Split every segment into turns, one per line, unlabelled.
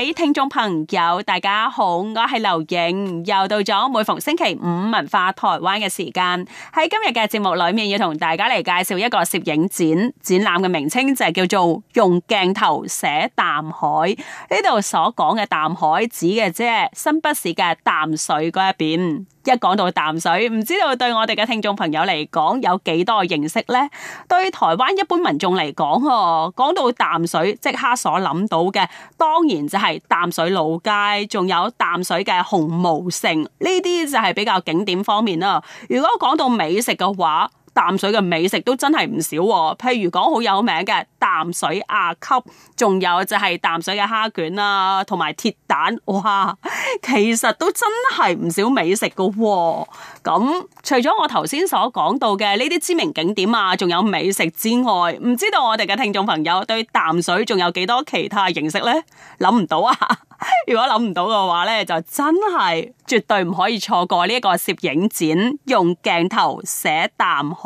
喺聽眾朋友，大家好，我係劉影，又到咗每逢星期五文化台灣嘅時間。喺今日嘅節目裏面，要同大家嚟介紹一個攝影展展覽嘅名稱，就係叫做《用鏡頭寫淡海》。呢度所講嘅淡海指嘅即係新北市嘅淡水嗰一邊。一講到淡水，唔知道對我哋嘅聽眾朋友嚟講有幾多認識咧？對台灣一般民眾嚟講，講到淡水，即刻所諗到嘅，當然就係，淡水老街，仲有淡水嘅紅毛城，呢啲就係比較景點方面啦。如果講到美食嘅話，淡水嘅美食都真係唔少，哦，譬如講好有名嘅淡水阿給，仲有就係淡水嘅蝦捲啦，啊，同埋鐵蛋，哇，其實都真係唔少美食噶、哦。咁除咗我頭先所講到嘅呢啲知名景點啊，仲有美食之外，唔知道我哋嘅聽眾朋友對淡水仲有幾多其他認識呢？諗唔到啊！如果諗唔到嘅話咧，就真係絕對唔可以錯過呢一個攝影展，用鏡頭寫淡海。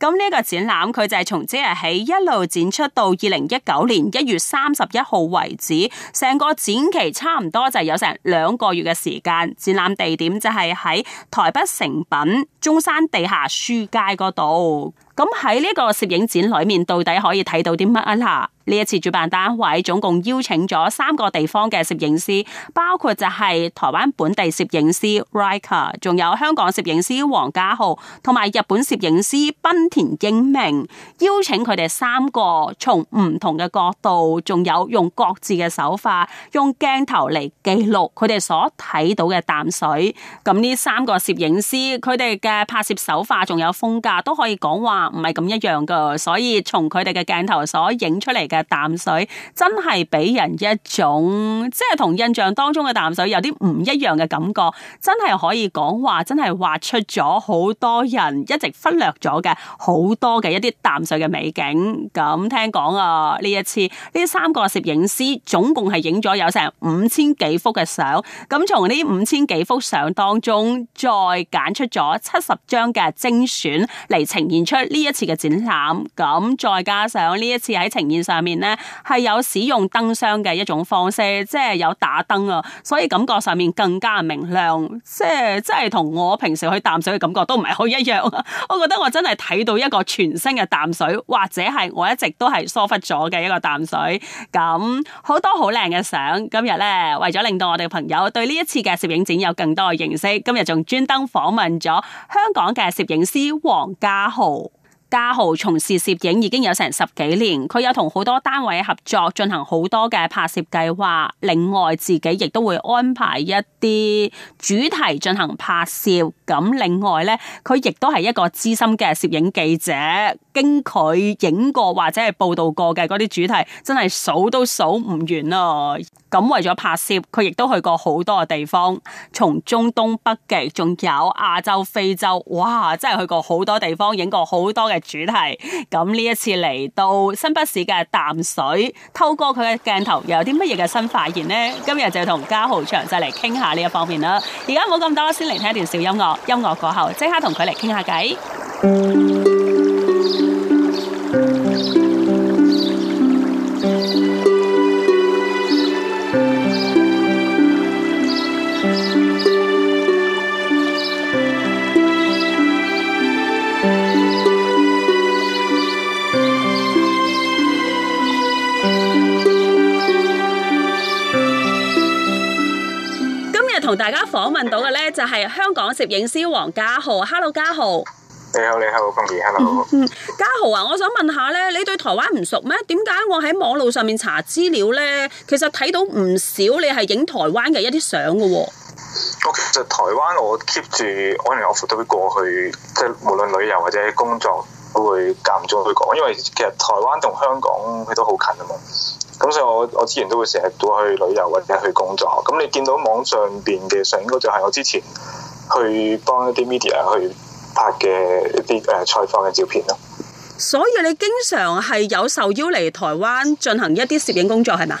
咁呢一個展覽佢就係從即日起一路展出到二零一九年一月三十一號為止，成個展期差唔多就有成兩個月嘅時間。展覽地點就係喺台北誠品中山地下書街嗰度。咁喺呢個攝影展裏面到底可以睇到啲乜啊啦？呢一次主辦單位總共邀請咗三個地方嘅攝影師，包括就係台灣本地攝影師 Ricor，仲有香港攝影師王嘉豪，同埋日本攝影師濱田英明。邀請佢哋三個從唔同嘅角度，仲有用各自嘅手法，用鏡頭嚟記錄佢哋所睇到嘅淡水。咁呢三個攝影師佢哋嘅拍攝手法，仲有風格都可以講話唔係咁一樣噶。所以從佢哋嘅鏡頭所影出嚟。嘅淡水真係俾人一種即係同印象當中嘅淡水有啲唔一樣嘅感覺，真係可以講話真係畫出咗好多人一直忽略咗嘅好多嘅一啲淡水嘅美景。咁、嗯、聽講啊，呢一次呢三個攝影師總共係影咗有成五千幾幅嘅相，咁從呢五千幾幅相當中再揀出咗七十張嘅精選嚟呈現出呢一次嘅展覽。咁、嗯、再加上呢一次喺呈現上。面咧，係有使用燈箱嘅一種方式，即係有打燈啊，所以感覺上面更加明亮，即係即係同我平時去淡水嘅感覺都唔係好一樣啊。我覺得我真係睇到一個全新嘅淡水，或者係我一直都係疏忽咗嘅一個淡水。咁好多好靚嘅相。今日咧，為咗令到我哋朋友對呢一次嘅攝影展有更多嘅認識，今日仲專登訪問咗香港嘅攝影師王嘉豪。嘉豪從事攝影已經有成十幾年，佢有同好多單位合作，進行好多嘅拍攝計劃。另外自己亦都會安排一啲主題進行拍攝。咁另外呢，佢亦都係一個資深嘅攝影記者。經佢影過或者係報道過嘅嗰啲主題，真係數都數唔完啊！咁為咗拍攝，佢亦都去過好多嘅地方，從中東北極，仲有亞洲、非洲，哇！真係去過好多地方，影過好多嘅主題。咁呢一次嚟到新北市嘅淡水，透過佢嘅鏡頭，又有啲乜嘢嘅新發現呢？今日就同嘉豪詳細嚟傾下呢一方面啦。而家冇咁多，先嚟睇一段小音樂。音樂過後，即刻同佢嚟傾下偈。嗯同大家訪問到嘅咧，就係香港攝影師王嘉豪。Hello，嘉豪。
你好，你好，恭喜，Hello。嗯，
嘉豪啊，我想問下咧，你對台灣唔熟咩？點解我喺網路上面查資料咧，其實睇到唔少你係影台灣嘅一啲相嘅喎。
其實台灣我 keep 住，原來我連我負都過去，即係無論旅遊或者工作，都會間唔中去講。因為其實台灣同香港佢都好近啊嘛。咁所以我，我我之前都會成日都去旅遊或者去工作。咁你見到網上邊嘅相，應該就係我之前去幫一啲 media 去拍嘅一啲誒採訪嘅照片咯。
所以你經常係有受邀嚟台灣進行一啲攝影工作係嘛？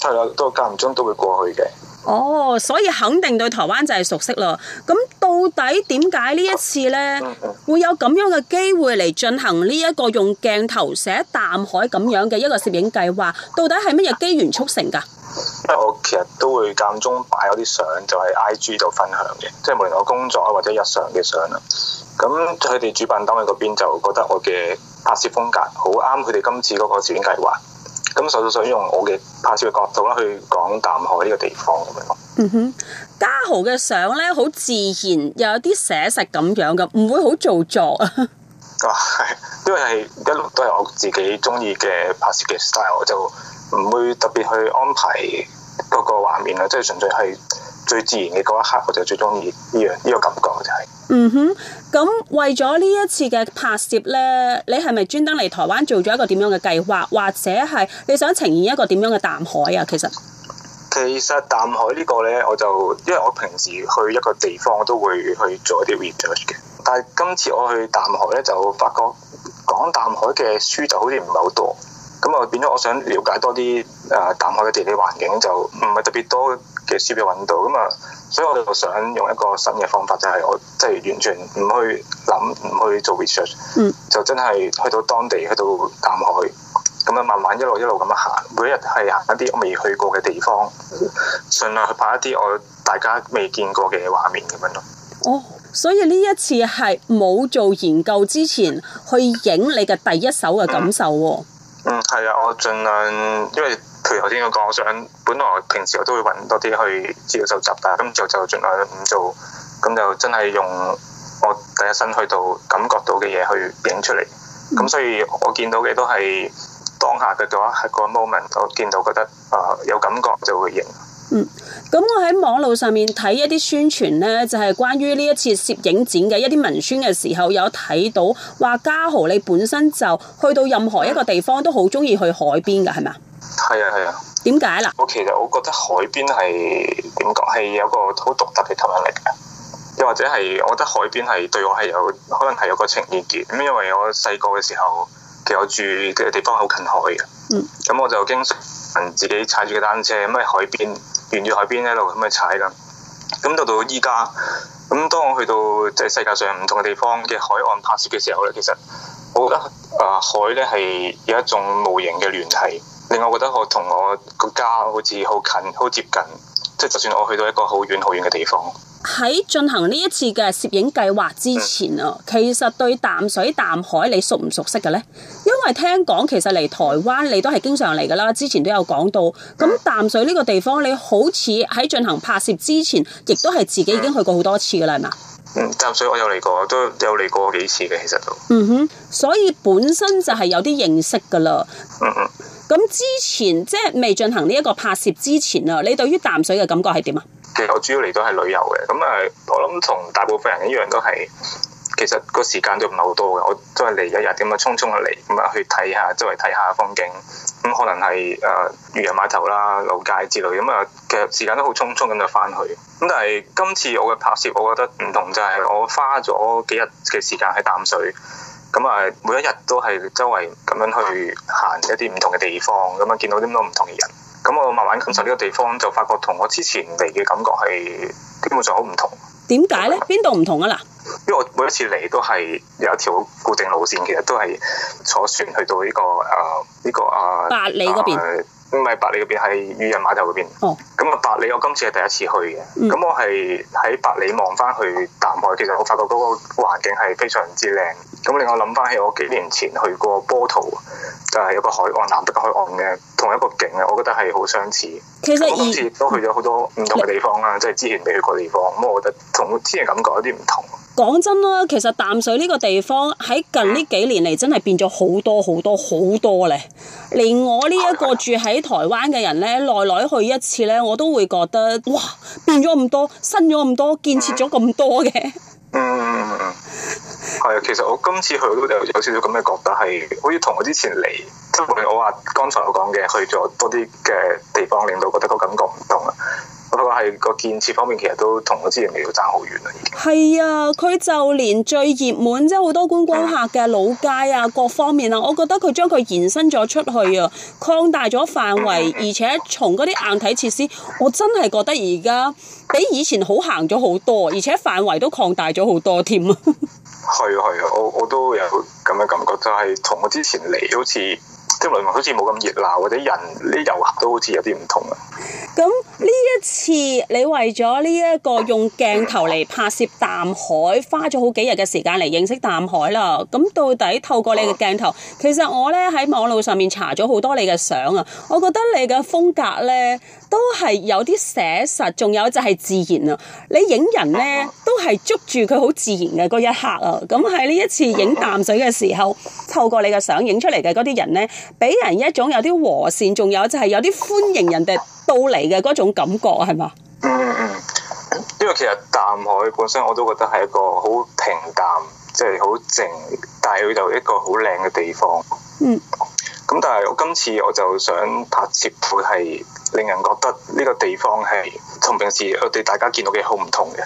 係啦，都間唔中都會過去嘅。
哦，oh，所以肯定對台灣就係熟悉咯。咁到底點解呢一次呢，嗯嗯會有咁樣嘅機會嚟進行呢一個用鏡頭寫淡海咁樣嘅一個攝影計劃？到底係乜嘢機緣促成㗎？
我其實都會間中擺嗰啲相，就係 IG 度分享嘅，即係無論我工作啊或者日常嘅相啦。咁佢哋主辦單位嗰邊就覺得我嘅拍攝風格好啱佢哋今次嗰個攝影計劃。咁想唔想用我嘅拍攝嘅角度咧去講淡海呢個地方咁樣咯？嗯
哼，嘉豪嘅相咧好自然，又有啲寫實咁樣嘅，唔會好做作啊。
啊，因為係一路都係我自己中意嘅拍攝嘅 style，就唔會特別去安排嗰個畫面啊，即係純粹係，最自然嘅嗰一刻，我就最中意呢樣呢個感覺就係、是。
嗯哼，咁為咗呢一次嘅拍攝咧，你係咪專登嚟台灣做咗一個點樣嘅計劃，或者係你想呈現一個點樣嘅淡海啊？其實
其實淡海呢個咧，我就因為我平時去一個地方我都會去做一啲 research 嘅，但係今次我去淡海咧，就發覺講淡海嘅書就好似唔係好多，咁啊變咗我想了解多啲誒淡海嘅地理環境，就唔係特別多。試俾揾到咁啊！所以我哋就想用一個新嘅方法，就係、是、我即係完全唔去諗，唔去做 research，就真係去到當地，去到淡海，咁樣慢慢一路一路咁樣行，每一日係行一啲我未去過嘅地方，儘量去拍一啲我大家未見過嘅畫面咁樣咯。
哦，所以呢一次係冇做研究之前去影你嘅第一手嘅感受喎、嗯。
嗯，係啊，我儘量因為。譬如頭先講，我想，本來平時我都會揾多啲去資料搜集噶，咁就就盡量唔做，咁就真係用我第一身去到感覺到嘅嘢去影出嚟。咁所以我見到嘅都係當下嘅話係個 moment，我見到覺得啊、呃、有感覺就會影。嗯，
咁我喺網路上面睇一啲宣傳咧，就係、是、關於呢一次攝影展嘅一啲文宣嘅時候有睇到話，嘉豪你本身就去到任何一個地方都好中意去海邊噶，係咪啊？
係啊，係啊。點解啦？我其實我覺得海邊係點講，係有個好獨特嘅吸引力嘅。又或者係，我覺得海邊係對我係有，可能係有個情意結。咁因為我細個嘅時候，其實我住嘅地方好近海嘅。咁、嗯、我就經常自己踩住個單車，咁喺海邊，沿住海邊一路咁去踩啦。咁到到依家，咁當我去到即係世界上唔同嘅地方嘅海岸拍攝嘅時候咧，其實我覺得、嗯、啊，海咧係有一種無形嘅聯繫。令我覺得我同我個家好似好近，好接近，即係就算我去到一個好遠、好遠嘅地方。
喺進行呢一次嘅攝影計劃之前啊，嗯、其實對淡水、淡海你熟唔熟悉嘅呢？因為聽講其實嚟台灣你都係經常嚟噶啦，之前都有講到。咁淡水呢個地方你好似喺進行拍攝之前，亦都係自己已經去過好多次噶啦，係嘛？嗯，
是是淡水我有嚟過，都有嚟過幾次嘅，其實都
嗯哼，所以本身就係有啲認識噶啦。嗯嗯。咁之前即係未進行呢一個拍攝之前啊，你對於淡水嘅感覺係點啊？
其實我主要嚟到係旅遊嘅，咁啊，我諗同大部分人一樣都係，其實個時間都唔係好多嘅，我都係嚟一日咁啊，匆匆嚟咁啊去睇下周圍睇下風景，咁可能係誒漁人碼頭啦、老街之類，咁啊其實時間都好匆匆咁就翻去。咁但係今次我嘅拍攝，我覺得唔同就係、是、我花咗幾日嘅時間去淡水。咁啊，每一日都係周圍咁樣去行一啲唔同嘅地方，咁樣見到啲好多唔同嘅人。咁我慢慢感受呢個地方，就發覺同我之前嚟嘅感覺係基本上好唔同。
點解咧？邊度唔同啊？嗱，
因為我每一次嚟都係有一條固定路線，其實都係坐船去到呢、呢個啊呢個啊。八里嗰邊。唔係、啊、八里嗰邊，係漁人碼頭嗰邊。哦。咁啊，八里我今次係第一次去嘅。嗯。咁我係喺八里望翻去淡海，其實我發覺嗰個環境係非常之靚。咁令我諗翻起我幾年前去過波圖，就係、是、一個海岸、南北海岸嘅，同一個景嘅，我覺得係好相似。其實，以前都去咗好多唔同嘅地方啦，即係之前未去過嘅地方。咁你 我覺得同之前感覺有啲唔同。
講真啦，其實淡水呢個地方喺近呢幾年嚟，真係變咗好多好多好多咧。連我呢一個住喺台灣嘅人咧，耐耐去一次咧，我都會覺得哇，變咗咁多，新咗咁多，建設咗咁多嘅。嗯
嗯，嗯嗯嗯係，啊，其實我今次去都有有少少咁嘅覺得，係好似同我之前嚟，即係我話剛才我講嘅去咗多啲嘅地方，令到覺得個感覺唔同啊。不過係個建設方面，其實都同我之前嘅要爭好遠啦。
係啊，佢、啊、就連最熱門即係好多觀光客嘅老街啊，各方面啊，我覺得佢將佢延伸咗出去啊，擴大咗範圍，嗯、而且從嗰啲硬體設施，我真係覺得而家比以前好行咗好多，而且範圍都擴大咗好多添 啊！
係啊係啊，我我都有咁嘅感覺，就係、是、同我之前嚟好似。即內容好似冇咁熱鬧，或者人啲遊客都好似有啲唔同啊。
咁呢、嗯、一次你為咗呢一個用鏡頭嚟拍攝淡海，嗯、花咗好幾日嘅時間嚟認識淡海啦。咁到底透過你嘅鏡頭，嗯、其實我呢喺網路上面查咗好多你嘅相啊。我覺得你嘅風格呢都係有啲寫實，仲有就係自然啊。你影人呢都係捉住佢好自然嘅嗰一刻啊。咁喺呢一次影淡水嘅時候，透過你嘅相影出嚟嘅嗰啲人呢。俾人一種有啲和善，仲有就係有啲歡迎人哋到嚟嘅嗰種感覺，係嘛？嗯
嗯，因為其實淡海本身我都覺得係一個好平淡，即係好靜，但係佢又一個好靚嘅地方。嗯。咁但係我今次我就想拍攝，係令人覺得呢個地方係同平時我哋大家見到嘅好唔同嘅。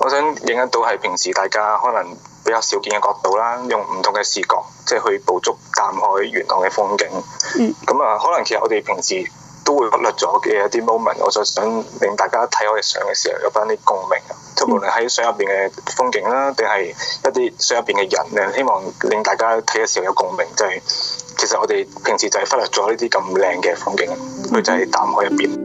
我想影響到係平時大家可能比較少見嘅角度啦，用唔同嘅視角，即係去捕捉淡海沿岸嘅風景。咁啊，可能其實我哋平時都會忽略咗嘅一啲 moment，我就想令大家睇我哋相嘅時候有翻啲共鳴。即係無論喺相入邊嘅風景啦，定係一啲相入邊嘅人，希望令大家睇嘅時候有共鳴，就係。其實我哋平時就係忽略咗呢啲咁靚嘅風景，佢就係淡海入邊。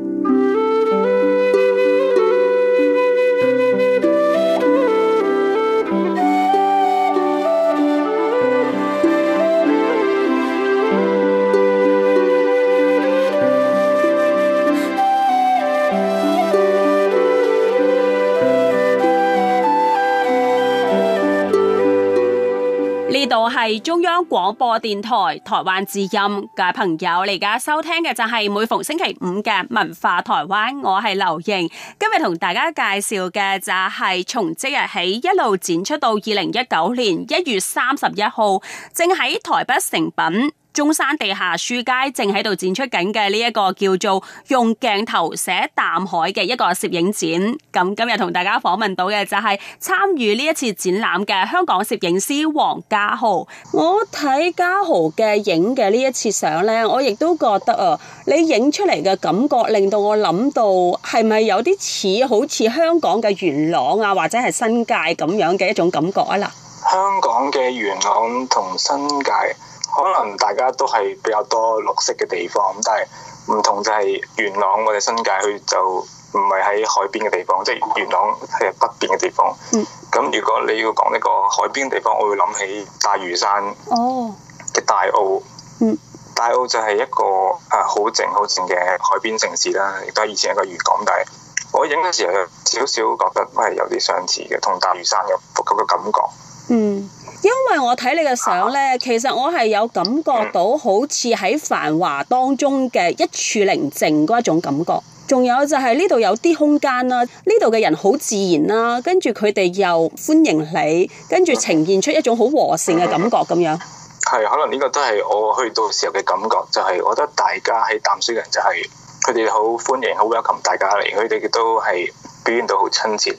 係中央廣播電台台灣之音嘅朋友，你而家收聽嘅就係每逢星期五嘅文化台灣。我係劉瑩，今日同大家介紹嘅就係從即日起一路展出到二零一九年一月三十一號，正喺台北誠品。中山地下書街正喺度展出緊嘅呢一個叫做用鏡頭寫淡海嘅一個攝影展。咁今日同大家訪問到嘅就係參與呢一次展覽嘅香港攝影師王嘉豪。我睇嘉豪嘅影嘅呢一次相呢，我亦都覺得啊，你影出嚟嘅感覺令到我諗到係咪有啲似好似香港嘅元朗啊，或者係新界咁樣嘅一種感覺啊啦？
香港嘅元朗同新界。可能大家都係比較多綠色嘅地方，但係唔同就係元朗我哋新界，佢就唔係喺海邊嘅地方，即係元朗係北邊嘅地方。嗯。咁如果你要講呢個海邊嘅地方，我會諗起大嶼山。哦。嘅大澳。哦。嗯。大澳就係一個啊好靜好靜嘅海邊城市啦，亦都係以前一個漁港，但係我影嘅時候少少覺得都係有啲相似嘅，同大嶼山嘅嗰個感覺。嗯，
因為我睇你嘅相咧，啊、其實我係有感覺到好似喺繁華當中嘅一處寧靜嗰一種感覺。仲、嗯、有就係呢度有啲空間啦，呢度嘅人好自然啦，跟住佢哋又歡迎你，跟住呈現出一種好和善嘅感覺咁樣。
係、嗯嗯，可能呢個都係我去到時候嘅感覺，就係、是、我覺得大家喺淡水人就係佢哋好歡迎、好 welcome 大家嚟，佢哋亦都係表現到好親切。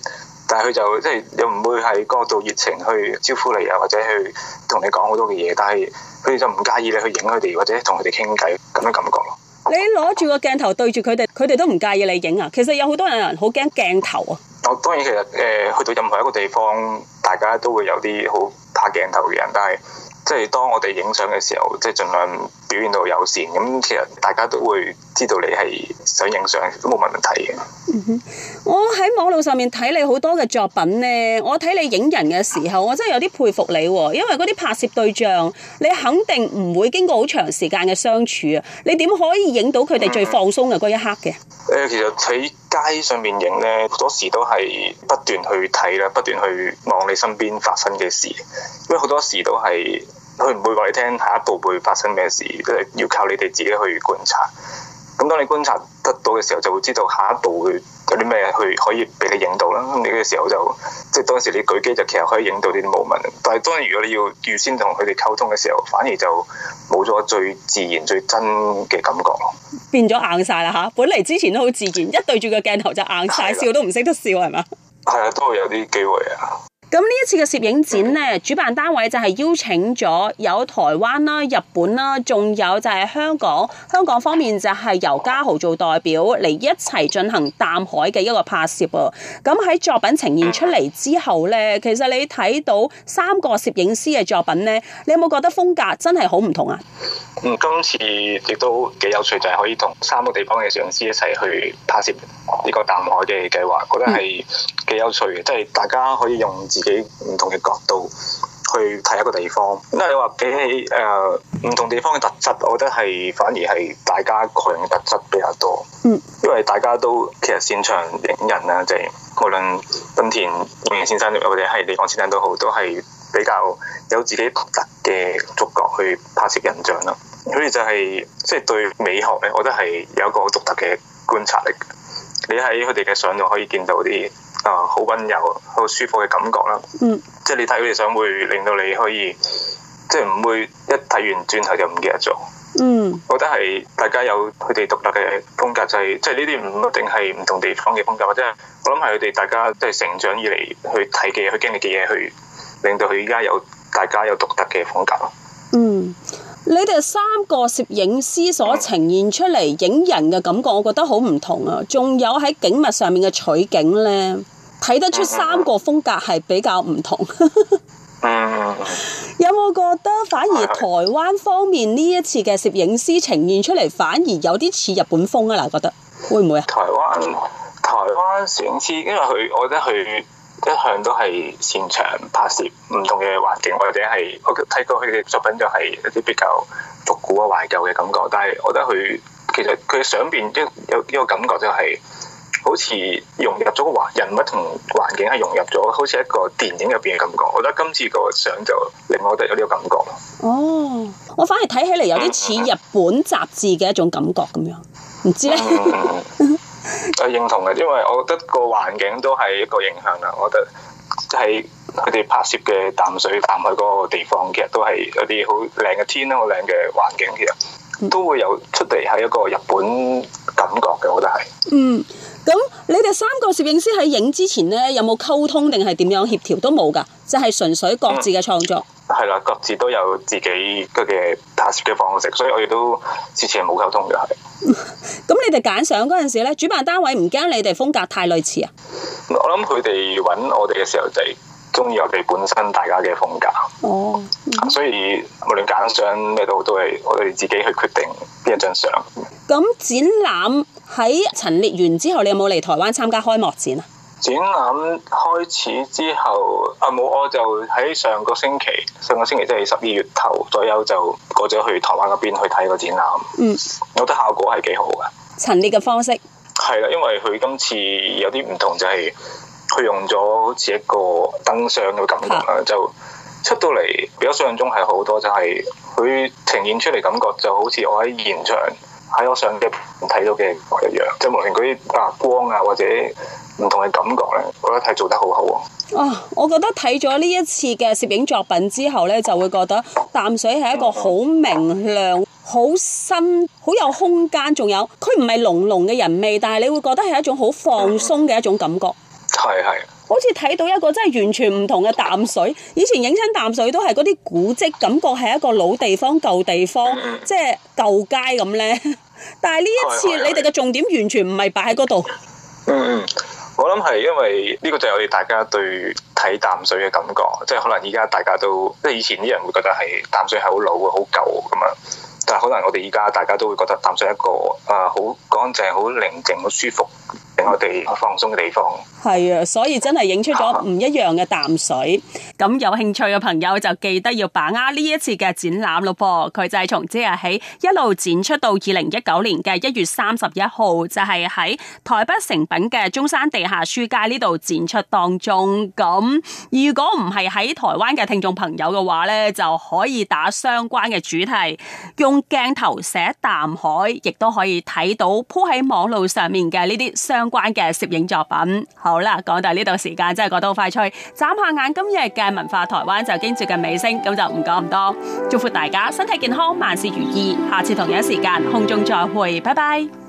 但係佢就即係又唔會係過度熱情去招呼你啊，或者去同你講好多嘅嘢。但係佢哋就唔介意你去影佢哋，或者同佢哋傾偈咁樣感覺咯。
你攞住個鏡頭對住佢哋，佢哋都唔介意你影啊。其實有好多人好驚鏡頭
啊。我當然其實誒、呃、去到任何一個地方，大家都會有啲好怕鏡頭嘅人，但係即係當我哋影相嘅時候，即係盡量。表現到友善，咁其實大家都會知道你係想影相都冇問題嘅 。
我喺網路上面睇你好多嘅作品呢，我睇你影人嘅時候，我真係有啲佩服你喎、哦，因為嗰啲拍攝對象，你肯定唔會經過好長時間嘅相處啊，你點可以影到佢哋最放鬆嘅嗰一刻嘅？
誒、嗯呃，其實喺街上面影呢，好多時都係不斷去睇啦，不斷去望你身邊發生嘅事，因為好多時都係。佢唔會話你聽，下一步會發生咩事，即係要靠你哋自己去觀察。咁當你觀察得到嘅時候，就會知道下一步會有啲咩去可以俾你影到啦。你嘅時候就即係當時你舉機就其實可以影到呢啲 moment。但係當然如果你要預先同佢哋溝通嘅時候，反而就冇咗最自然最真嘅感覺，
變咗硬晒啦嚇！本嚟之前都好自然，一對住個鏡頭就硬晒，笑都唔識得笑係
嘛？係啊了吧，都係有啲機會啊。
咁呢一次嘅攝影展咧，主辦單位就係邀請咗有台灣啦、啊、日本啦、啊，仲有就係香港。香港方面就係由嘉豪做代表嚟一齊進行淡海嘅一個拍攝啊，咁喺作品呈現出嚟之後咧，其實你睇到三個攝影師嘅作品咧，你有冇覺得風格真係好唔同啊？嗯，
今次亦都幾有趣，就係、是、可以同三個地方嘅攝影師一齊去拍攝呢個淡海嘅計劃，覺得係幾有趣嘅，即、就、係、是、大家可以用。自己唔同嘅角度去睇一個地方，因為你話比起誒唔、呃、同地方嘅特質，我覺得係反而係大家個人嘅特質比較多。嗯，因為大家都其實擅長影人啦，即、就、係、是、無論濱田英明先生或者係 Ricor 先生都好，都係比較有自己獨特嘅觸覺去拍攝人像。啦、就是。所以就係即係對美學咧，我覺得係有一個好獨特嘅觀察力。你喺佢哋嘅相度可以見到啲。啊！好溫柔、好舒服嘅感覺啦，嗯，即係你睇佢哋相會，令到你可以，即係唔會一睇完轉頭就唔記得咗。嗯，mm. 我覺得係大家有佢哋獨特嘅風格，就係即係呢啲唔一定係唔同地方嘅風格，或者係我諗係佢哋大家即係成長以嚟去睇嘅嘢、去經歷嘅嘢，去令到佢依家有大家有獨特嘅風格。
你哋三個攝影師所呈現出嚟影人嘅感覺，我覺得好唔同啊！仲有喺景物上面嘅取景呢，睇得出三個風格係比較唔同。呵呵。嗯，有冇覺得反而台灣方面呢一次嘅攝影師呈現出嚟，反而有啲似日本風啊？嗱，覺得會唔會啊？
台灣，台灣攝影師，因為佢我覺得佢。一向都係擅長拍攝唔同嘅環境，或者係我睇過佢嘅作品，就係一啲比較復古啊，懷舊嘅感覺。但係我覺得佢其實佢嘅相片一有呢個感覺就係、是、好似融入咗個環境，人物同環境係融入咗，好似一個電影入邊嘅感覺。我覺得今次個相就令我哋有呢個感覺咯。
哦，我反而睇起嚟有啲似日本雜誌嘅一種感覺咁樣，唔、嗯、知咧。嗯
我認同嘅， 因為我覺得個環境都係一個影響啦。我覺得係佢哋拍攝嘅淡水、淡海嗰個地方，其實都係有啲好靚嘅天，好靚嘅環境，其實都會有出嚟，係一個日本感覺嘅。我覺得係。嗯，
咁你哋三個攝影師喺影之前咧，有冇溝通定係點樣協調？都冇噶。就係純粹各自嘅創作，
係啦，嗯，各自都有自己嘅拍攝嘅方式，所以我哋都之前係冇溝通嘅。
咁 你哋揀相嗰陣時咧，主辦單位唔驚你哋風格太類似啊？
我諗佢哋揾我哋嘅時候就係中意我哋本身大家嘅風格。哦，所以無論揀相咩都好，都係我哋自己去決定邊一張相。
咁展覽喺陳列完之後，你有冇嚟台灣參加開幕展啊？
展覽開始之後，阿、啊、冇，我就喺上個星期，上個星期即係十二月頭左右就過咗去台灣嗰邊去睇個展覽。嗯，我覺得效果係幾好㗎。
陳列嘅方式
係啦，因為佢今次有啲唔同就係、是、佢用咗好似一個燈箱嘅感覺啊，就出到嚟比較想象中係好多，就係、是、佢呈現出嚟感覺就好似我喺現場喺我相機睇到嘅一樣，即係無論嗰啲白光啊或者。唔同嘅感覺咧，我覺得係做得
好好啊,啊，我覺得睇咗呢一次嘅攝影作品之後咧，就會覺得淡水係一個好明亮、好新、mm、好、hmm. 有空間，仲有佢唔係濃濃嘅人味，但係你會覺得係一種好放鬆嘅一種感覺。
係係、mm。Hmm.
好似睇到一個真係完全唔同嘅淡水。以前影親淡水都係嗰啲古跡，感覺係一個老地方、舊地方，mm hmm. 即係舊街咁咧。但係呢一次，mm hmm. 你哋嘅重點完全唔係擺喺嗰度。嗯、mm。
Hmm. Mm hmm. 我諗係因為呢個就係我哋大家對睇淡水嘅感覺，即係可能依家大家都即係以前啲人會覺得係淡水係好老啊、好舊咁樣。但可能我哋而家大家都會覺得淡水一個誒，好乾淨好寧靜好舒服，令我哋放鬆嘅地方
係啊！所以真係影出咗唔一樣嘅淡水。咁、啊、有興趣嘅朋友就記得要把握呢一次嘅展覽咯噃！佢就係從即日起一路展出到二零一九年嘅一月三十一號就係、是、喺台北誠品嘅中山地下書街呢度展出當中。咁如果唔係，喺台灣嘅聽眾朋友嘅話咧，就可以打相關嘅主題。用。鏡頭寫淡海，亦都可以睇到鋪喺網路上面嘅呢啲相關嘅攝影作品。好啦，講到呢度時間真係覺得好快脆，眨下眼今日嘅文化台灣就經接近尾聲，咁就唔講咁多。祝福大家身體健康，萬事如意。下次同樣時間空中再會，拜拜。